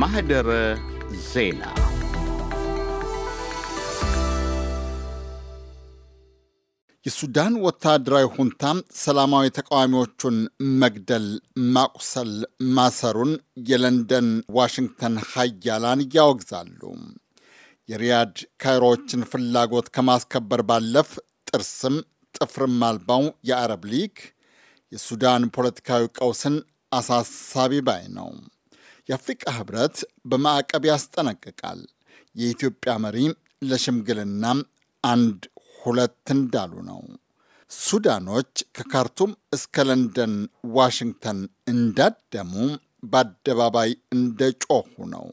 ማህደረ ዜና የሱዳን ወታደራዊ ሁንታ ሰላማዊ ተቃዋሚዎቹን መግደል፣ ማቁሰል፣ ማሰሩን የለንደን ዋሽንግተን ሀያላን ያወግዛሉ። የሪያድ ካይሮዎችን ፍላጎት ከማስከበር ባለፍ ጥርስም ጥፍርም አልባው የአረብ ሊግ የሱዳን ፖለቲካዊ ቀውስን አሳሳቢ ባይ ነው። የአፍሪቃ ህብረት በማዕቀብ ያስጠነቅቃል። የኢትዮጵያ መሪ ለሽምግልና አንድ ሁለት እንዳሉ ነው። ሱዳኖች ከካርቱም እስከ ለንደን ዋሽንግተን እንዳደሙ በአደባባይ እንደጮሁ ነው።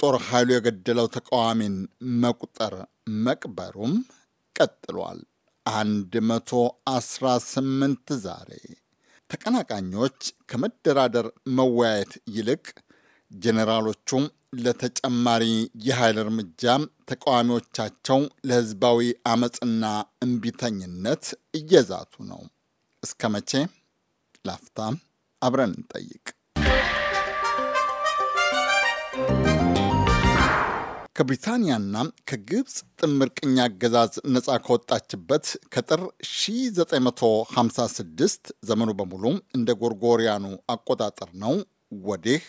ጦር ኃይሉ የገደለው ተቃዋሚን መቁጠር መቅበሩም ቀጥሏል። 118 ዛሬ ተቀናቃኞች ከመደራደር መወያየት ይልቅ ጄኔራሎቹም ለተጨማሪ የኃይል እርምጃ ተቃዋሚዎቻቸው ለህዝባዊ አመፅና እምቢተኝነት እየዛቱ ነው። እስከ መቼ? ላፍታ አብረን እንጠይቅ። ከብሪታንያና ከግብፅ ጥምር ቅኝ አገዛዝ ነፃ ከወጣችበት ከጥር 1956 ዘመኑ በሙሉ እንደ ጎርጎሪያኑ አቆጣጠር ነው ወዲህ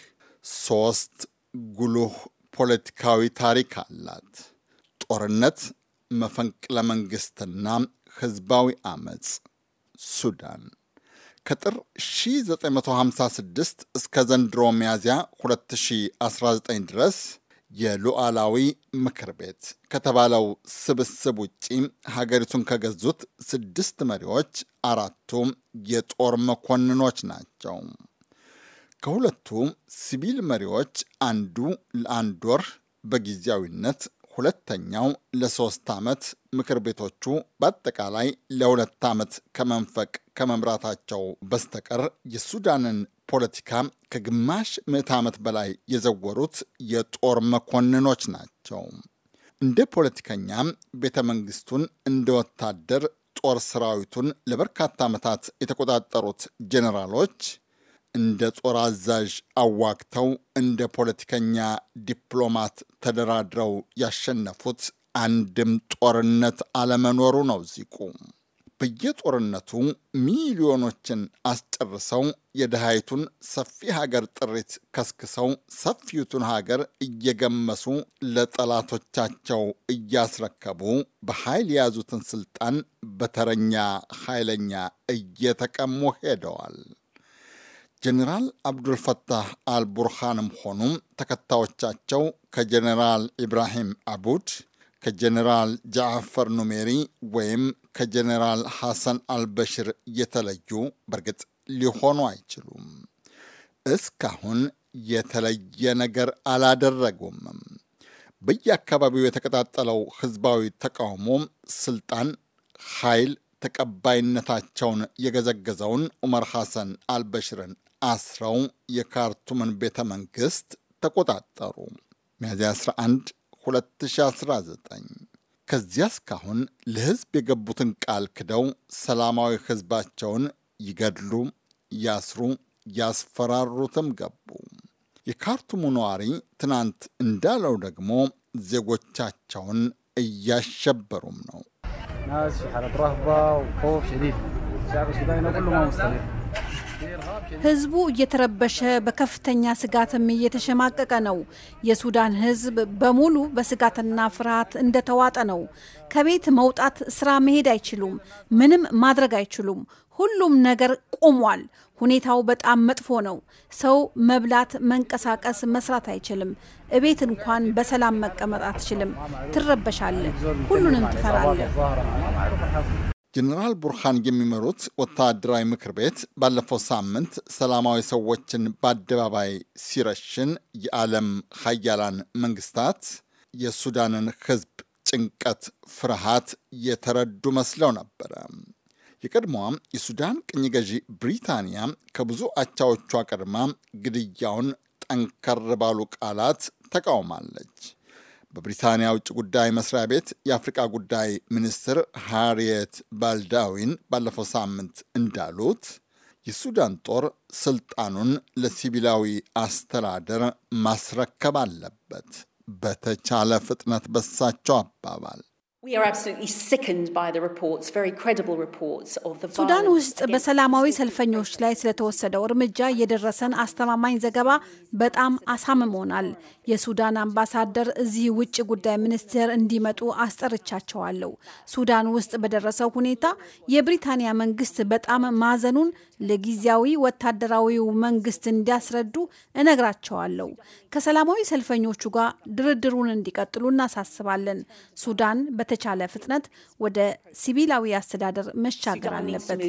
ሶስት ጉልህ ፖለቲካዊ ታሪክ አላት። ጦርነት፣ መፈንቅለ መንግስትና ህዝባዊ አመፅ። ሱዳን ከጥር 1956 እስከ ዘንድሮ ሚያዝያ 2019 ድረስ የሉዓላዊ ምክር ቤት ከተባለው ስብስብ ውጪ ሀገሪቱን ከገዙት ስድስት መሪዎች አራቱ የጦር መኮንኖች ናቸው። ከሁለቱ ሲቪል መሪዎች አንዱ ለአንድ ወር በጊዜያዊነት ሁለተኛው ለሶስት ዓመት ምክር ቤቶቹ በአጠቃላይ ለሁለት ዓመት ከመንፈቅ ከመምራታቸው በስተቀር የሱዳንን ፖለቲካ ከግማሽ ምዕት ዓመት በላይ የዘወሩት የጦር መኮንኖች ናቸው። እንደ ፖለቲከኛ ቤተ መንግስቱን እንደ ወታደር ጦር ሰራዊቱን ለበርካታ ዓመታት የተቆጣጠሩት ጄኔራሎች እንደ ጦር አዛዥ አዋግተው እንደ ፖለቲከኛ ዲፕሎማት ተደራድረው ያሸነፉት አንድም ጦርነት አለመኖሩ ነው ዚቁ። በየጦርነቱ ሚሊዮኖችን አስጨርሰው የድሃይቱን ሰፊ ሀገር ጥሪት ከስክሰው ሰፊቱን ሀገር እየገመሱ ለጠላቶቻቸው እያስረከቡ በኃይል የያዙትን ስልጣን በተረኛ ኃይለኛ እየተቀሙ ሄደዋል። ጀኔራል አብዱልፈታህ አልቡርሃንም ሆኑ ተከታዮቻቸው ከጀኔራል ኢብራሂም አቡድ ከጀኔራል ጃዕፈር ኑሜሪ ወይም ከጀኔራል ሐሰን አልበሽር የተለዩ በእርግጥ ሊሆኑ አይችሉም። እስካሁን የተለየ ነገር አላደረጉም። በየአካባቢው የተቀጣጠለው ህዝባዊ ተቃውሞ ስልጣን፣ ኃይል ተቀባይነታቸውን የገዘገዘውን ዑመር ሐሰን አልበሽርን አስረው የካርቱምን ቤተ መንግስት ተቆጣጠሩ። ሚያዝያ 11 2019። ከዚያ እስካሁን ለህዝብ የገቡትን ቃል ክደው ሰላማዊ ህዝባቸውን ይገድሉ፣ ያስሩ፣ ያስፈራሩትም ገቡ። የካርቱሙ ነዋሪ ትናንት እንዳለው ደግሞ ዜጎቻቸውን እያሸበሩም ነው። ህዝቡ እየተረበሸ በከፍተኛ ስጋትም እየተሸማቀቀ ነው። የሱዳን ህዝብ በሙሉ በስጋትና ፍርሃት እንደተዋጠ ነው። ከቤት መውጣት፣ ስራ መሄድ አይችሉም። ምንም ማድረግ አይችሉም። ሁሉም ነገር ቆሟል። ሁኔታው በጣም መጥፎ ነው። ሰው መብላት፣ መንቀሳቀስ፣ መስራት አይችልም። እቤት እንኳን በሰላም መቀመጥ አትችልም። ትረበሻለህ። ሁሉንም ትፈራለህ። ጀኔራል ቡርሃን የሚመሩት ወታደራዊ ምክር ቤት ባለፈው ሳምንት ሰላማዊ ሰዎችን በአደባባይ ሲረሽን የዓለም ሀያላን መንግስታት የሱዳንን ህዝብ ጭንቀት፣ ፍርሃት የተረዱ መስለው ነበረ። የቀድሞዋ የሱዳን ቅኝ ገዢ ብሪታንያ ከብዙ አቻዎቿ ቀድማ ግድያውን ጠንከር ባሉ ቃላት ተቃውማለች። በብሪታንያ ውጭ ጉዳይ መስሪያ ቤት የአፍሪቃ ጉዳይ ሚኒስትር ሃሪየት ባልዳዊን ባለፈው ሳምንት እንዳሉት የሱዳን ጦር ስልጣኑን ለሲቪላዊ አስተዳደር ማስረከብ አለበት፣ በተቻለ ፍጥነት። በሳቸው አባባል ሱዳን ውስጥ በሰላማዊ ሰልፈኞች ላይ ስለተወሰደው እርምጃ የደረሰን አስተማማኝ ዘገባ በጣም አሳምሞናል። የሱዳን አምባሳደር እዚህ ውጭ ጉዳይ ሚኒስቴር እንዲመጡ አስጠርቻቸዋለሁ። ሱዳን ውስጥ በደረሰው ሁኔታ የብሪታንያ መንግስት በጣም ማዘኑን ለጊዜያዊ ወታደራዊው መንግስት እንዲያስረዱ እነግራቸዋለሁ። ከሰላማዊ ሰልፈኞቹ ጋር ድርድሩን እንዲቀጥሉ እናሳስባለን። ሱዳን በተቻለ ፍጥነት ወደ ሲቪላዊ አስተዳደር መሻገር አለበት።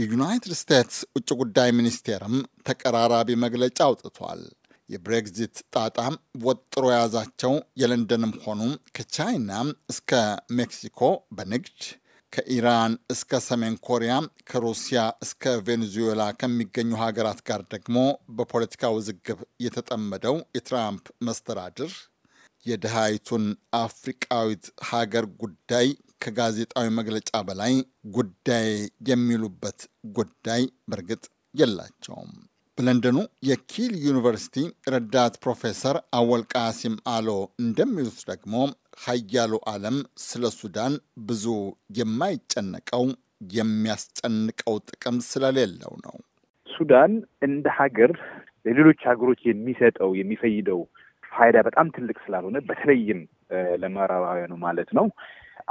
የዩናይትድ ስቴትስ ውጭ ጉዳይ ሚኒስቴርም ተቀራራቢ መግለጫ አውጥቷል። የብሬግዚት ጣጣም ወጥሮ የያዛቸው የለንደንም ሆኑ ከቻይና እስከ ሜክሲኮ በንግድ ከኢራን እስከ ሰሜን ኮሪያ ከሩሲያ እስከ ቬኔዙዌላ ከሚገኙ ሀገራት ጋር ደግሞ በፖለቲካ ውዝግብ የተጠመደው የትራምፕ መስተዳድር የድሃይቱን አፍሪቃዊት ሀገር ጉዳይ ከጋዜጣዊ መግለጫ በላይ ጉዳይ የሚሉበት ጉዳይ በእርግጥ የላቸውም። በለንደኑ የኪል ዩኒቨርሲቲ ረዳት ፕሮፌሰር አወል ቃሲም አሎ እንደሚሉት ደግሞ ሀያሉ ዓለም ስለ ሱዳን ብዙ የማይጨነቀው የሚያስጨንቀው ጥቅም ስለሌለው ነው። ሱዳን እንደ ሀገር ለሌሎች ሀገሮች የሚሰጠው የሚፈይደው ፋይዳ በጣም ትልቅ ስላልሆነ በተለይም ለምዕራባውያኑ ማለት ነው።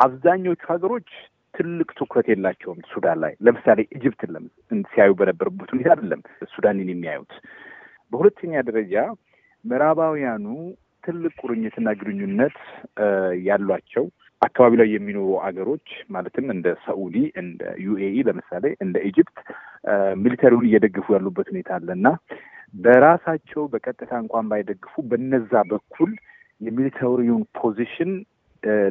አብዛኞቹ ሀገሮች ትልቅ ትኩረት የላቸውም ሱዳን ላይ። ለምሳሌ ኢጅፕትን ሲያዩ በነበረበት ሁኔታ አይደለም ሱዳንን የሚያዩት። በሁለተኛ ደረጃ ምዕራባውያኑ ትልቅ ቁርኝትና ግንኙነት ያሏቸው አካባቢ ላይ የሚኖሩ አገሮች ማለትም እንደ ሳኡዲ፣ እንደ ዩኤኢ ለምሳሌ እንደ ኢጅፕት ሚሊተሪውን እየደገፉ ያሉበት ሁኔታ አለ እና በራሳቸው በቀጥታ እንኳን ባይደግፉ በነዛ በኩል የሚሊተሪውን ፖዚሽን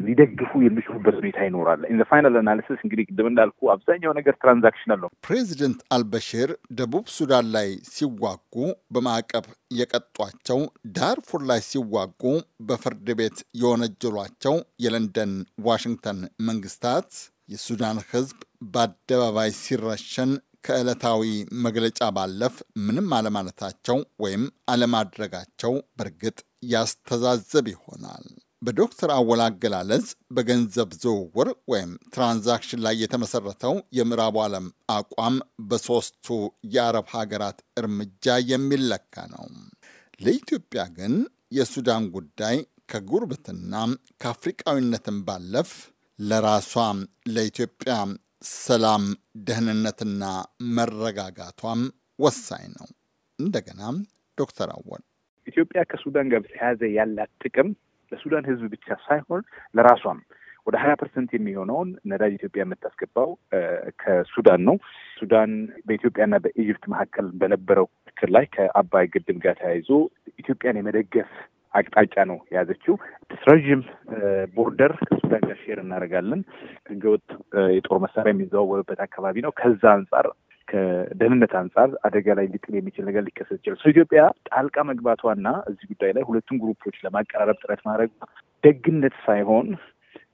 ሊደግፉ የሚችሉበት ሁኔታ ይኖራል። ኢን ፋይናል አናሊሲስ እንግዲህ ቅድም እንዳልኩ አብዛኛው ነገር ትራንዛክሽናል ነው። ፕሬዚደንት አልበሽር ደቡብ ሱዳን ላይ ሲዋጉ በማዕቀብ የቀጧቸው፣ ዳርፉር ላይ ሲዋጉ በፍርድ ቤት የወነጀሏቸው የለንደን ዋሽንግተን መንግስታት የሱዳን ህዝብ በአደባባይ ሲረሸን ከዕለታዊ መግለጫ ባለፍ ምንም አለማለታቸው ወይም አለማድረጋቸው በእርግጥ ያስተዛዘብ ይሆናል። በዶክተር አወል አገላለጽ በገንዘብ ዝውውር ወይም ትራንዛክሽን ላይ የተመሰረተው የምዕራቡ ዓለም አቋም በሦስቱ የአረብ ሀገራት እርምጃ የሚለካ ነው። ለኢትዮጵያ ግን የሱዳን ጉዳይ ከጉርብትና ከአፍሪቃዊነትን ባለፍ ለራሷ ለኢትዮጵያ ሰላም ደህንነትና መረጋጋቷም ወሳኝ ነው። እንደገና ዶክተር አወል ኢትዮጵያ ከሱዳን ጋር በተያያዘ ያላት ጥቅም ለሱዳን ህዝብ ብቻ ሳይሆን ለራሷም ወደ ሀያ ፐርሰንት የሚሆነውን ነዳጅ ኢትዮጵያ የምታስገባው ከሱዳን ነው። ሱዳን በኢትዮጵያና በኢጅፕት መካከል በነበረው ምክር ላይ ከአባይ ግድብ ጋር ተያይዞ ኢትዮጵያን የመደገፍ አቅጣጫ ነው የያዘችው። ረዥም ቦርደር ከሱዳን ጋር ሼር እናደርጋለን። ህገወጥ የጦር መሳሪያ የሚዘዋወርበት አካባቢ ነው። ከዛ አንጻር ከደህንነት አንጻር አደጋ ላይ ሊጥል የሚችል ነገር ሊከሰት ይችላል። ኢትዮጵያ ጣልቃ መግባቷና እዚህ ጉዳይ ላይ ሁለቱም ግሩፖች ለማቀራረብ ጥረት ማድረግ ደግነት ሳይሆን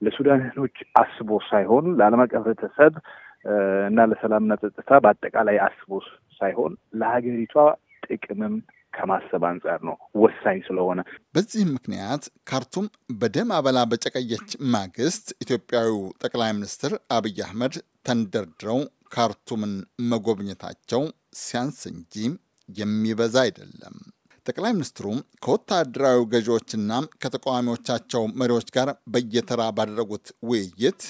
ለሱዳንች አስቦ ሳይሆን ለዓለም አቀፍ ህብረተሰብ እና ለሰላምና ጸጥታ በአጠቃላይ አስቦ ሳይሆን ለሀገሪቷ ጥቅምም ከማሰብ አንጻር ነው ወሳኝ ስለሆነ። በዚህም ምክንያት ካርቱም በደም አበላ በጨቀየች ማግስት ኢትዮጵያዊው ጠቅላይ ሚኒስትር አብይ አህመድ ተንደርድረው ካርቱምን መጎብኘታቸው ሲያንስ እንጂ የሚበዛ አይደለም። ጠቅላይ ሚኒስትሩ ከወታደራዊ ገዢዎችና ከተቃዋሚዎቻቸው መሪዎች ጋር በየተራ ባደረጉት ውይይት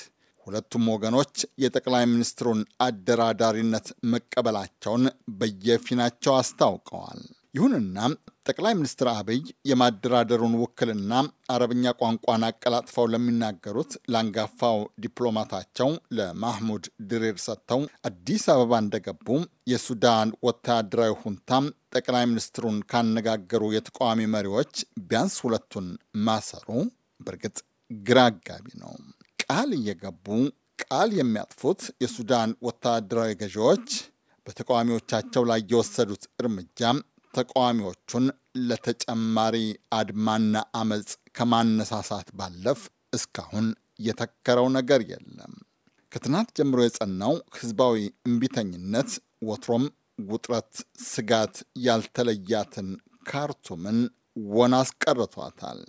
ሁለቱም ወገኖች የጠቅላይ ሚኒስትሩን አደራዳሪነት መቀበላቸውን በየፊናቸው አስታውቀዋል። ይሁንና ጠቅላይ ሚኒስትር አብይ የማደራደሩን ውክልና አረብኛ ቋንቋን አቀላጥፈው ለሚናገሩት ለአንጋፋው ዲፕሎማታቸው ለማህሙድ ድሪር ሰጥተው አዲስ አበባ እንደገቡ የሱዳን ወታደራዊ ሁንታም ጠቅላይ ሚኒስትሩን ካነጋገሩ የተቃዋሚ መሪዎች ቢያንስ ሁለቱን ማሰሩ በእርግጥ ግራ አጋቢ ነው። ቃል እየገቡ ቃል የሚያጥፉት የሱዳን ወታደራዊ ገዢዎች በተቃዋሚዎቻቸው ላይ የወሰዱት እርምጃ ተቃዋሚዎቹን ለተጨማሪ አድማና አመፅ ከማነሳሳት ባለፍ እስካሁን የተከረው ነገር የለም። ከትናንት ጀምሮ የጸናው ህዝባዊ እምቢተኝነት ወትሮም ውጥረት፣ ስጋት ያልተለያትን ካርቱምን ወን አስቀርቷታል።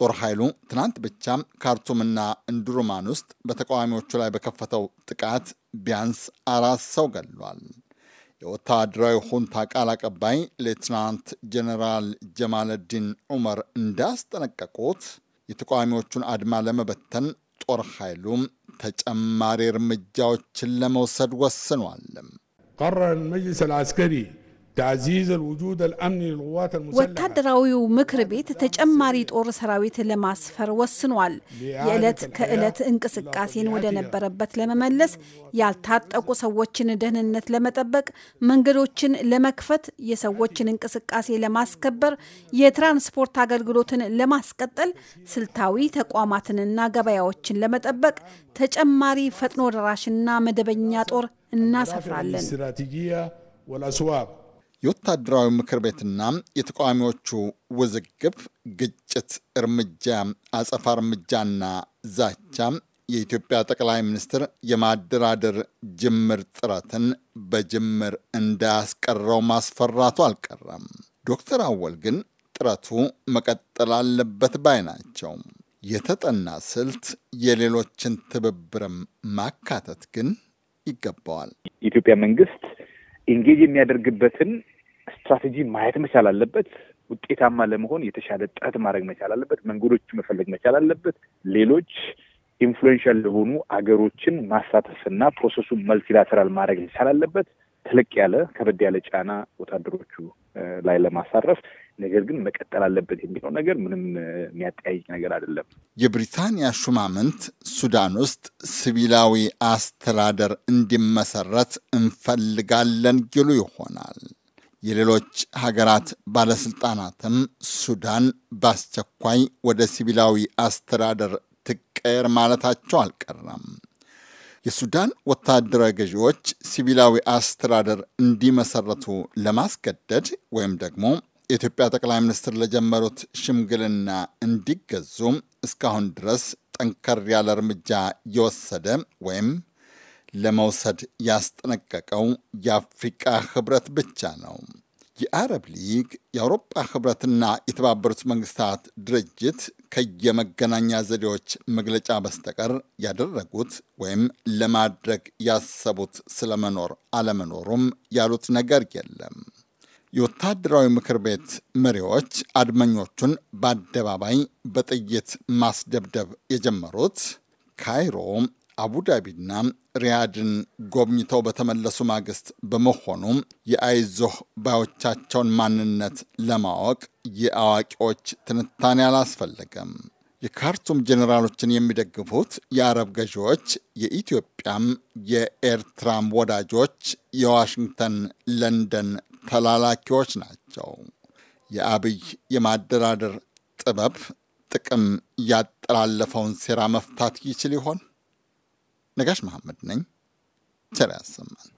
ጦር ኃይሉ ትናንት ብቻም ካርቱምና እንዱሩማን ውስጥ በተቃዋሚዎቹ ላይ በከፈተው ጥቃት ቢያንስ አራት ሰው ገድሏል። የወታደራዊ ሁንታ ቃል አቀባይ ሌትናንት ጀነራል ጀማለዲን ዑመር እንዳስጠነቀቁት የተቃዋሚዎቹን አድማ ለመበተን ጦር ኃይሉም ተጨማሪ እርምጃዎችን ለመውሰድ ወስኗል። ቀረረ መጅሊስ አስከሪ ወታደራዊው ምክር ቤት ተጨማሪ ጦር ሰራዊት ለማስፈር ወስኗል። የዕለት ከዕለት እንቅስቃሴን ወደ ነበረበት ለመመለስ፣ ያልታጠቁ ሰዎችን ደህንነት ለመጠበቅ፣ መንገዶችን ለመክፈት፣ የሰዎችን እንቅስቃሴ ለማስከበር፣ የትራንስፖርት አገልግሎትን ለማስቀጠል፣ ስልታዊ ተቋማትንና ገበያዎችን ለመጠበቅ ተጨማሪ ፈጥኖ ደራሽና መደበኛ ጦር እናሰፍራለን። የወታደራዊ ምክር ቤትና የተቃዋሚዎቹ ውዝግብ፣ ግጭት፣ እርምጃ፣ አጸፋ እርምጃና ዛቻ የኢትዮጵያ ጠቅላይ ሚኒስትር የማደራደር ጅምር ጥረትን በጅምር እንዳያስቀረው ማስፈራቱ አልቀረም። ዶክተር አወል ግን ጥረቱ መቀጠል አለበት ባይ ናቸው። የተጠና ስልት የሌሎችን ትብብርም ማካተት ግን ይገባዋል። የኢትዮጵያ መንግስት ኢንጌጅ የሚያደርግበትን ስትራቴጂ ማየት መቻል አለበት። ውጤታማ ለመሆን የተሻለ ጥረት ማድረግ መቻል አለበት። መንገዶች መፈለግ መቻል አለበት። ሌሎች ኢንፍሉዌንሻል ለሆኑ አገሮችን ማሳተፍና ፕሮሰሱን መልቲላተራል ማድረግ መቻል አለበት። ትልቅ ያለ ከበድ ያለ ጫና ወታደሮቹ ላይ ለማሳረፍ ነገር ግን መቀጠል አለበት የሚለው ነገር ምንም የሚያጠያይቅ ነገር አይደለም። የብሪታንያ ሹማምንት ሱዳን ውስጥ ሲቪላዊ አስተዳደር እንዲመሰረት እንፈልጋለን ይሉ ይሆናል። የሌሎች ሀገራት ባለስልጣናትም ሱዳን በአስቸኳይ ወደ ሲቪላዊ አስተዳደር ትቀየር ማለታቸው አልቀረም። የሱዳን ወታደራዊ ገዢዎች ሲቪላዊ አስተዳደር እንዲመሰረቱ ለማስገደድ ወይም ደግሞ የኢትዮጵያ ጠቅላይ ሚኒስትር ለጀመሩት ሽምግልና እንዲገዙ እስካሁን ድረስ ጠንከር ያለ እርምጃ የወሰደ ወይም ለመውሰድ ያስጠነቀቀው የአፍሪቃ ህብረት ብቻ ነው። የአረብ ሊግ የአውሮጳ ህብረትና የተባበሩት መንግስታት ድርጅት ከየመገናኛ ዘዴዎች መግለጫ በስተቀር ያደረጉት ወይም ለማድረግ ያሰቡት ስለመኖር አለመኖሩም ያሉት ነገር የለም። የወታደራዊ ምክር ቤት መሪዎች አድመኞቹን በአደባባይ በጥይት ማስደብደብ የጀመሩት ካይሮ አቡዳቢና ሪያድን ጎብኝተው በተመለሱ ማግስት በመሆኑ የአይዞህ ባዮቻቸውን ማንነት ለማወቅ የአዋቂዎች ትንታኔ አላስፈለገም። የካርቱም ጄኔራሎችን የሚደግፉት የአረብ ገዢዎች የኢትዮጵያም የኤርትራም ወዳጆች የዋሽንግተን ለንደን ተላላኪዎች ናቸው። የአብይ የማደራደር ጥበብ ጥቅም ያጠላለፈውን ሴራ መፍታት ይችል ይሆን? ነጋሽ መሐመድ ነኝ። ቸር ያሰማን።